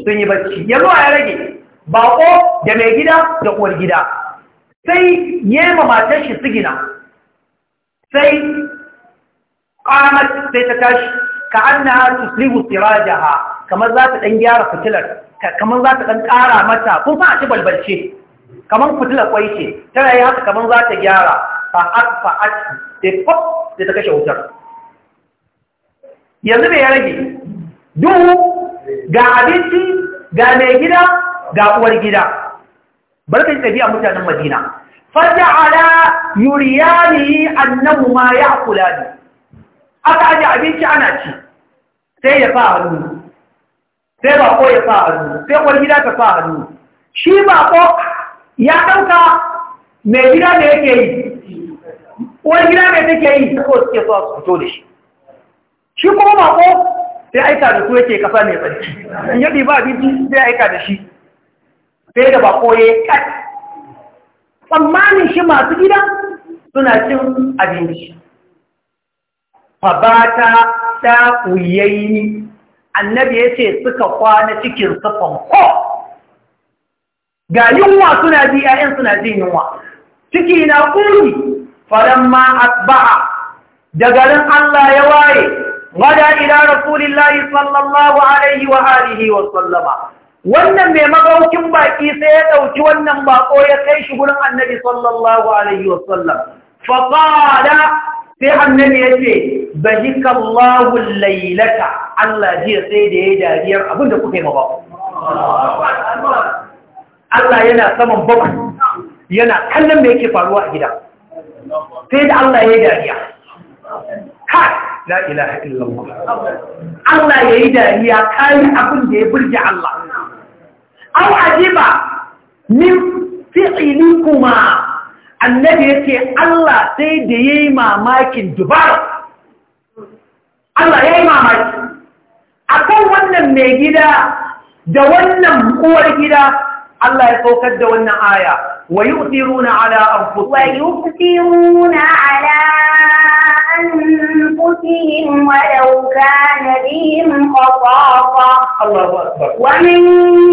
sun yi bacci yanzu a ya rage Baƙo, da mai gida da uwar gida sai yema matar shi sigina sai ƙamat sai ta tashi ka an na tuslihu ha. kamar za ta ɗan gyara fitilar kamar za ta ɗan ƙara mata kun fa a ci balbalce kamar fitilar kwai ce tana yi haka kamar za ta gyara fa'ad fa'ad da fok da ta kashe wutar yanzu mai ya rage duhu ga abinci ga mai gida ga uwar gida barkan tafiya mutanen madina faja'ala yuriyani annahu ma ya ne aka aji abinci ana ci sai ya fa’a hannu sai ba ko ya fa’a hannu sai uwar gida ta fa’a hannu shi ba ko ya ɗauka mai gida da yake yi wani gida mai take yi ko suke so su fito da shi shi kuma mako sai aika da su yake kasa mai tsarki in yadda ba abinci sai aika da shi sai da bako ya yi kat tsammanin shi masu gida suna cin abinci fabata ta uyayi annabi ya ce suka kwana cikin sufan ko ga yunwa suna ji ‘ya'yan suna ji yunwa ciki na ƙuri. falamma asbaha da garin Allah ya waye wada ila rasulillahi sallallahu alaihi wa alihi wa sallama wannan mai magaukin baƙi sai ya ɗauki wannan baƙo ya kai shi gurin annabi sallallahu alaihi wa sallama. fa sai annabi ce bahika Allahu laylata Allah jiya sai da yayi dariyar abinda kuka ma bako Allah yana saman bakwai yana kallon me yake faruwa a gida sai da Allah ya yi dariya ka la ilaha illallah Allah ya yi dariya kayi abin da ya burge Allah aw ajiba min kuma. annabi yake Allah sai da yayi mamakin dubara Allah ya yi mamaki akan wannan mai gida da wannan uwar gida الله يتوكد وانا آية ويؤثرون على أنفسهم ويؤثرون على أنفسهم ولو كان بهم خصاصة الله أكبر ومن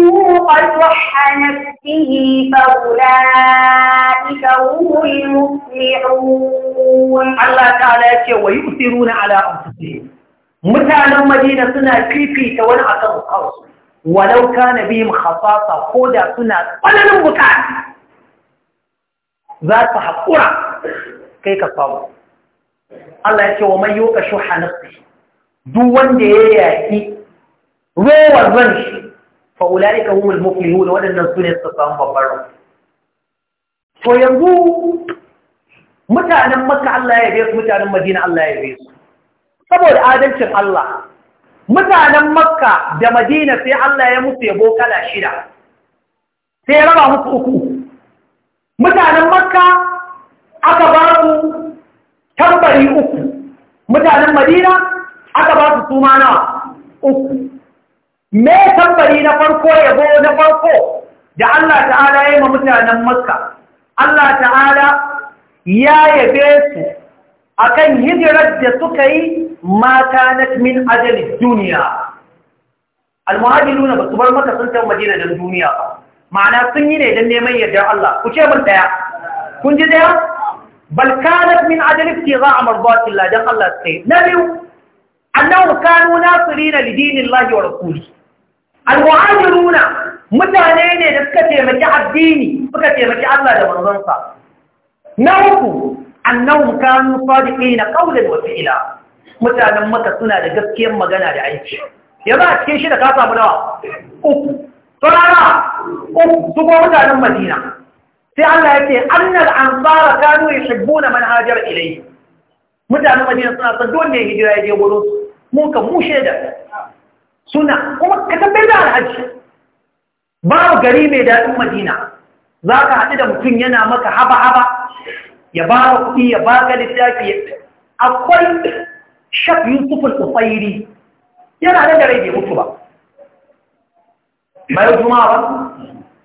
يوق شح نفسه فأولئك هم المفلحون الله تعالى يتوكد ويؤثرون على أنفسهم متى المدينة دينا سنة كيفي تونا أكبر walau na bihim khasasa ko da suna tsananin bukata za su haƙura kai ka samu Allah ya ce wa mai yoka shuha nafsi duk wanda ya yaƙi rowar ran shi fa ulaika humul muflihun waɗannan su ne suka samu babbar ran to yanzu mutanen Makka Allah ya yabe su mutanen Madina Allah ya yabe su saboda adalcin Allah mutanen makka da madina sai Allah ya musu yabo kala shida sai ya raba musu uku mutanen makka aka ba su tambari uku mutanen madina aka ba su suma nawa uku me tambari na farko yabo na farko da Allah ta'ala ya yi ma mutanen makka Allah ta'ala ya yabe su A kan hijirar da suka yi mata na min ajalin duniya almuhajiruna ba su bar maka sun can madina don duniya ba ma'ana sun yi ne don neman yardar Allah ku ce mun daya kun ji daya balkanat min ajalin ke za a marbatin ladan Allah su kai na biyu annahu kanu nasirina lidinin lahi wa rasuli almuhajiruna mutane ne da suka taimaki addini suka taimaki Allah da manzonsa na uku annahum kanu sadiqina qawlan wa fi'la mutanen maka suna da gaskiyar magana da aiki yanzu a cikin shida ka samu nawa uku turara uku su kuma mutanen madina sai Allah ya ce annal ansara kanu yuhibbuna man hajar ilayhi mutanen madina suna son duk ne ya hijira ya je gurin su mun kan mu shaida suna kuma ka tabbai da alhaji babu gari mai daɗin madina za ka haɗu da mutum yana maka haba-haba ya ba wa kuɗi ya ba ga littafi akwai shaf yusuf al-usairi yana nan da rai bai mutu ba bayan juma'a ba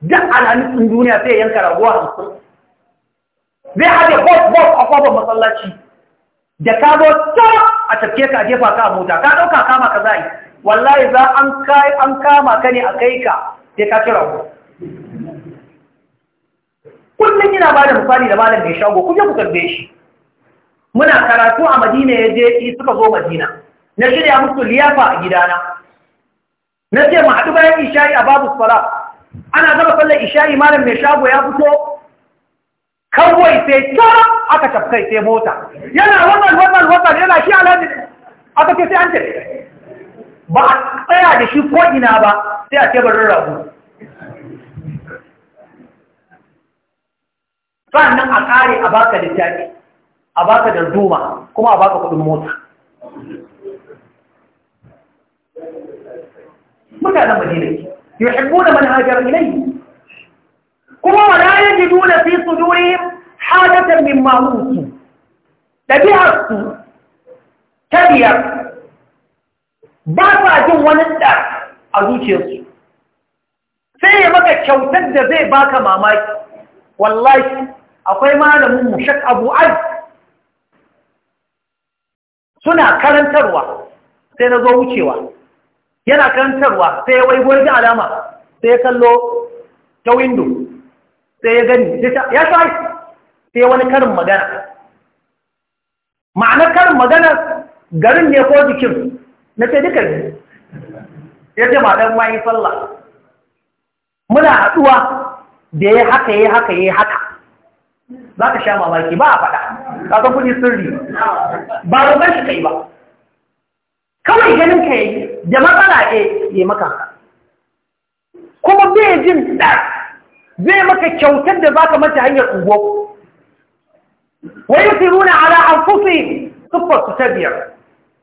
duk alhamisin duniya sai yanka raguwa hamsin zai haɗe bot bot a kwabon masallaci da ka zo ta a tafke ka jefa ka a mota ka ɗauka kama ka zai wallahi za an kama ka ne a kai ka sai ka ci raguwa kullum yana ba da misali da malam mai shago kuje ku karbe shi muna karatu a madina ya je suka zo madina na shirya musu liyafa a gidana na ce mu haɗu bayan isha'i a babu sala ana gaba sallar isha'i malam mai shago ya fito kawai sai tara aka tafkai sai mota yana wannan wannan wannan yana shi alhaji aka ce sai an tafi ba a tsaya da shi ko ina ba sai a teburin rabu sannan a kare a baka littafi a baka darduma kuma a baka kudin mota mutanen madina yuhibbuna man hajara ilayhi kuma wala yajiduna fi sudurihim hadatan mimma utu dabi'atu tabiya ba sa jin wani da a zuciyarsu sai ya maka kyautar da zai baka mamaki wallahi akwai malamin mushak abu ai suna karantarwa sai na zo wucewa yana karantarwa sai ya wai da alama sai ya kallo ta windo sai ya gani ya sai sai wani karin magana Ma'ana karin magana garin ne ko jikin na ce duka ne ya ce ma ɗan sallah muna haɗuwa da ya haka ya haka ya haka za ka sha mamaki ba a faɗa ka kudi sirri ba roƙar shi kai ba kawai ganin ka yi da matsala ke eh, ya maka kuma bai jin da zai maka kyautar da za ka mace hanyar ungo wani fi nuna ala an fufi siffar su ta biyar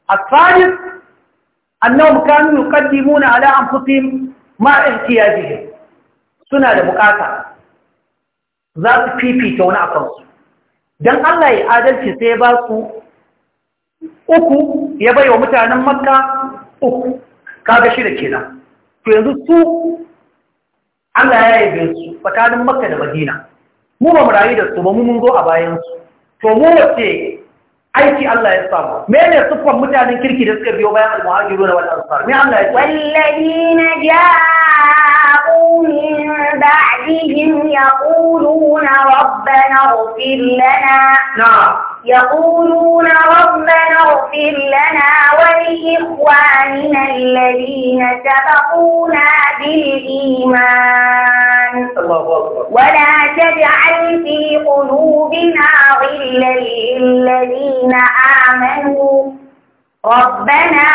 a tsarin annawar mukamin yuƙaddi muna ala an fufi ma'in kiyajihim suna da bukata za su fifita wani akwai su Don Allah ya adalci sai ya ba su uku ya bai wa mutanen makka uku kaga shi da kenan to yanzu su Allah ya yabe su tsakanin makka da madina mu ba mu rayu da su ba mu mun zo a bayansu. to mu wace aiki Allah ya samu mene siffar mutanen kirki da suka biyo bayan al na wani ansar me Allah ya wallahi na jaa من بعدهم يقولون ربنا اغفر لنا نعم يقولون ربنا اغفر لنا ولإخواننا الذين سبقونا بالإيمان ولا تجعل في قلوبنا غلا للذين آمنوا ربنا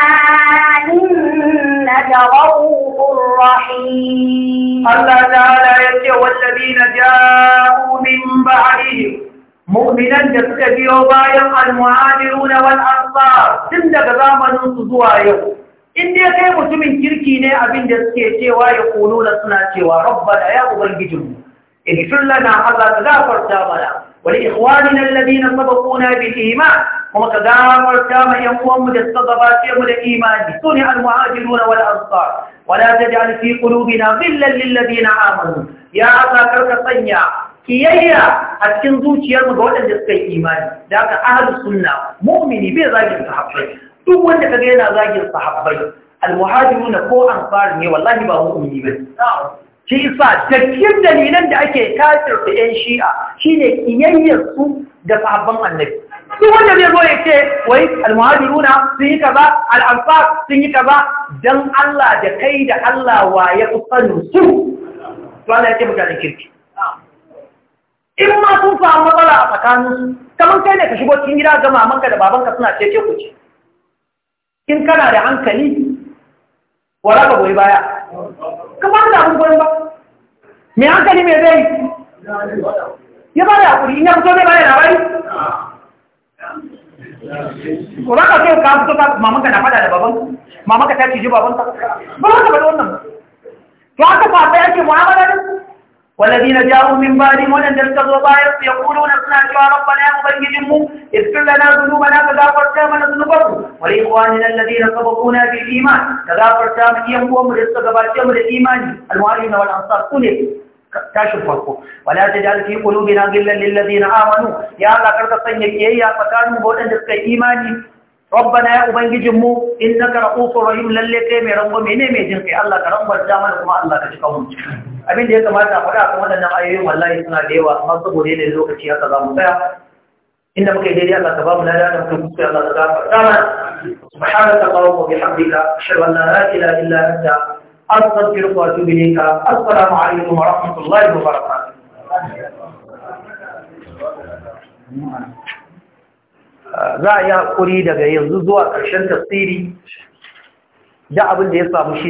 إنك غوث رحيم الله تعالى يتعوى الذين جاءوا من بعدهم مؤمنا جسد وبايق المعادرون والأنصار جند قرام نصد وعيق إن يكي مجم تركينا أبن جسد ويقولون صناتي وربنا يا أبن إن شلنا الله تغافر تابنا ولإخواننا الذين سبقونا بالإيمان وما تدامر كما يقوم بالصدبات يوم الإيمان سنع المهاجرون والأنصار ولا تجعل في قلوبنا غلا للذين آمنوا يا أبا كرك صنيع kiyayya a cikin zuciyarmu ga waɗanda suka yi imani da aka ahalus sunna mu'mini bai zagin sahabbai duk wanda kaga yana zagin sahabbai almuhajiruna ko ansar ne wallahi ba mu'mini ba shi isa cikin dalilan da ake kafir da yan shi'a shine kiyayyar su da sahabban annabi duk wanda zai zo ya ce wai almuhajiruna sun yi kaza al'amfa sun yi kaza Don Allah da kai da Allah wa ya fi sanin su to Allah ya ce mutanen kirki in ma sun samu matsala a tsakanin kamar kai ne ka shigo cikin gida ga mamanka da babanka suna ce ce ku ce in kana da hankali wara ka goyi baya ka ba da abin goyon ba me hankali me zai ya ba da hakuri in ya fito zai ba da labari ko za ka ce ka fito ka mamanka na fada da baban mamanka ta ciji baban ka ba za ka bada wannan ba to aka fata yake mu'amala ne والذين جاءوا من بعدهم ولم يرتضوا بايض يقولون اصنع يا ربنا مبينهم اغفر لنا ذنوبنا فغفرت من ذنوبهم ولاخواننا الذين سبقونا بالايمان تغفرت من يمهم رزق من الايمان المهاجرين والانصار كلهم tashin farko wala ta ja'al fi qulubina ghillan lil ladina amanu ya Allah karka sanya kiyayya rabbana ya ubangijin mu innaka ra'ufur rahim lalle kai mai rango mene mai jin kai Allah ka rango da kuma Allah ka ji kawo abin da ya kamata a faɗa kan waɗannan ayoyin wallahi suna da yawa amma saboda yanayin lokaci haka za mu tsaya inda muka yi daidai Allah ka ba mu lada da muka kuskure Allah ka gafarta mana subhanaka allahumma wa bihamdika ashhadu an la ilaha illa anta astaghfiruka wa atubu ilayka assalamu alaikum wa rahmatullahi wa barakatuh za a yi haƙuri daga yanzu zuwa ƙarshen tasiri da abin da ya samu shi